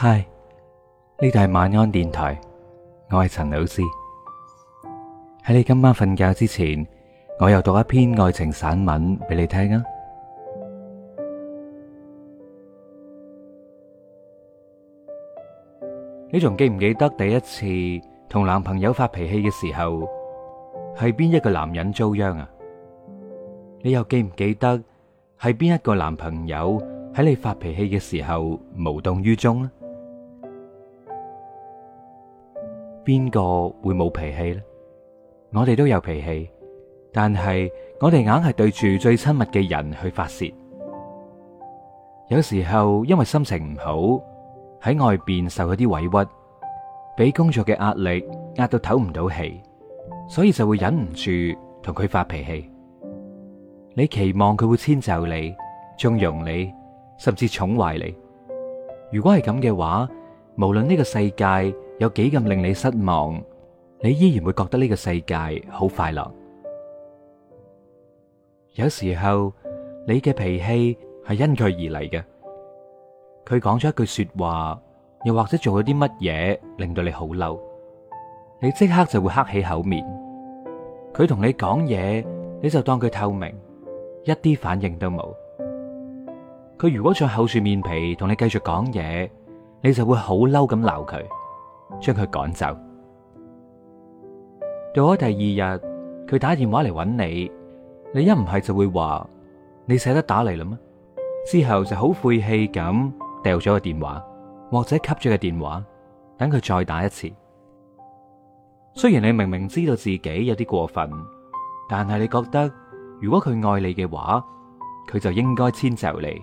嗨，呢度係晚安電台，我係陳老師。喺你今晚瞓覺之前，我又讀一篇愛情散文俾你聽啊。 你仲記唔記得第一次同男朋友發脾氣嘅時候，係邊一個男人遭殃啊？你又記唔記得係邊一個男朋友喺你發脾氣嘅時候無動於衷呢、啊？邊個會冇脾氣咧？我哋都有脾氣，但係我哋硬係對住最親密嘅人去發洩。有時候因為心情唔好，喺外邊受咗啲委屈，俾工作嘅壓力壓到唞唔到氣，所以就會忍唔住同佢發脾氣。你期望佢會遷就你、縱容你，甚至寵壞你。如果係咁嘅話，無論呢個世界有幾咁令你失望，你依然會覺得呢個世界好快樂。有時候你嘅脾氣係因佢而嚟嘅，佢講咗一句說話，又或者做咗啲乜嘢令到你好嬲，你即刻就會黑起口面。佢同你講嘢，你就當佢透明，一啲反應都冇。佢如果再厚住面皮同你繼續講嘢。你就會好嬲咁鬧佢，將佢趕走。到咗第二日，佢打電話嚟揾你，你一唔係就會話你捨得打嚟啦？之後就好晦氣咁掉咗個電話，或者吸咗個電話，等佢再打一次。雖然你明明知道自己有啲過分，但係你覺得如果佢愛你嘅話，佢就應該遷就你。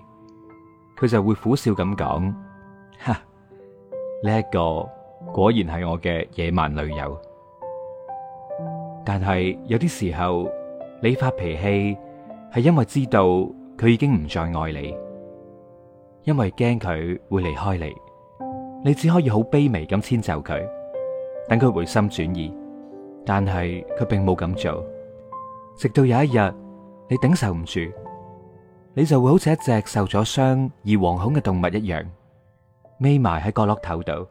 佢就會苦笑咁講：，吓。呢一個果然係我嘅野蠻女友。但係有啲時候，你發脾氣係因為知道佢已經唔再愛你，因為驚佢會離開你，你只可以好卑微咁遷就佢，等佢回心轉意，但係佢並冇咁做，直到有一日你頂受唔住，你就會好似一隻受咗傷而惶恐嘅動物一樣。眯埋喺角落頭度，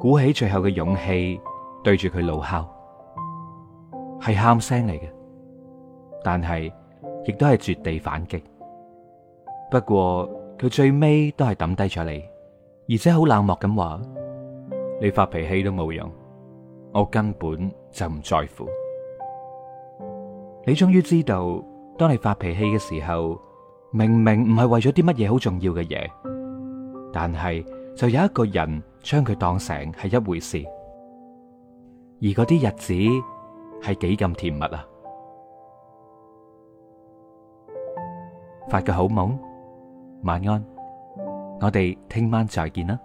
鼓起最後嘅勇氣對住佢怒吼，係喊聲嚟嘅，但係亦都係絕地反擊。不過佢最尾都係抌低咗你，而且好冷漠咁話：你發脾氣都冇用，我根本就唔在乎。你終於知道，當你發脾氣嘅時候，明明唔係為咗啲乜嘢好重要嘅嘢。但係就有一個人將佢當成係一回事，而嗰啲日子係幾咁甜蜜啊！發個好夢，晚安，我哋聽晚再見啦。